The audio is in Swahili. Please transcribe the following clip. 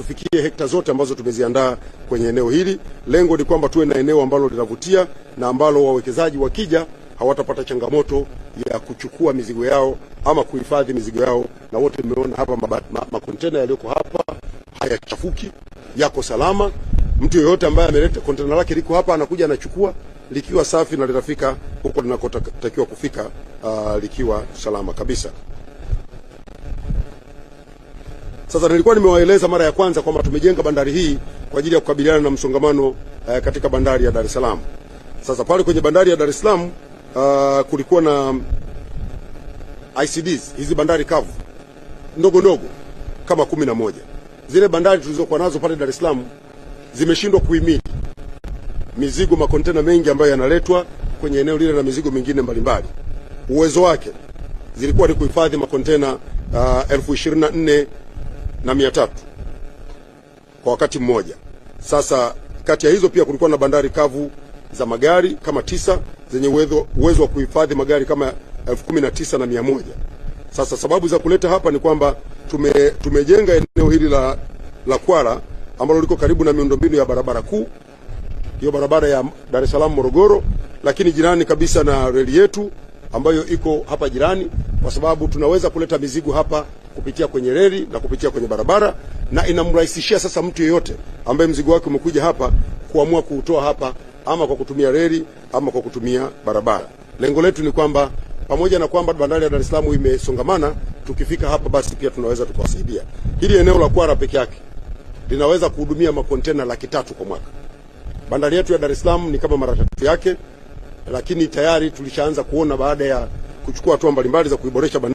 tufikie hekta zote ambazo tumeziandaa kwenye eneo hili. Lengo ni kwamba tuwe na eneo ambalo linavutia na ambalo wawekezaji wakija hawatapata changamoto ya kuchukua mizigo yao ama kuhifadhi mizigo yao. Na wote mmeona hapa makontena yaliyoko hapa hayachafuki, yako salama. Mtu yeyote ambaye ameleta kontena lake liko hapa, anakuja anachukua likiwa safi na linafika huko linakotakiwa kufika, uh, likiwa salama kabisa. Sasa nilikuwa nimewaeleza mara ya kwanza kwamba tumejenga bandari hii kwa ajili ya kukabiliana na msongamano uh, katika bandari ya Dar es Salaam. Sasa pale kwenye bandari ya Dar es Salaam uh, kulikuwa na ICDs hizi bandari kavu ndogo ndogo kama kumi na moja. Zile bandari tulizokuwa nazo pale Dar es Salaam zimeshindwa kuhimili mizigo, makontena mengi ambayo yanaletwa kwenye eneo lile na mizigo mingine mbalimbali. Uwezo wake zilikuwa ni kuhifadhi makontena uh, elfu ishirini na nne na mia tatu kwa wakati mmoja. Sasa kati ya hizo pia kulikuwa na bandari kavu za magari kama tisa zenye uwezo, uwezo wa kuhifadhi magari kama elfu kumi na tisa na mia moja. Sasa sababu za kuleta hapa ni kwamba tume, tumejenga eneo hili la, la Kwara ambalo liko karibu na miundombinu ya barabara kuu, hiyo barabara ya Dar es Salaam Morogoro, lakini jirani kabisa na reli yetu ambayo iko hapa jirani, kwa sababu tunaweza kuleta mizigo hapa kupitia kwenye reli na kupitia kwenye barabara, na inamrahisishia sasa mtu yeyote ambaye mzigo wake umekuja hapa kuamua kuutoa hapa ama kwa kutumia reli ama kwa kutumia barabara. Lengo letu ni kwamba pamoja na kwamba bandari ya Dar es Salaam imesongamana, tukifika hapa basi pia tunaweza tukawasaidia. Hili eneo la Kwara peke yake linaweza kuhudumia makontena laki tatu kwa mwaka. Bandari yetu ya Dar es Salaam ni kama mara tatu yake, lakini tayari tulishaanza kuona baada ya kuchukua hatua mbalimbali za kuiboresha bandari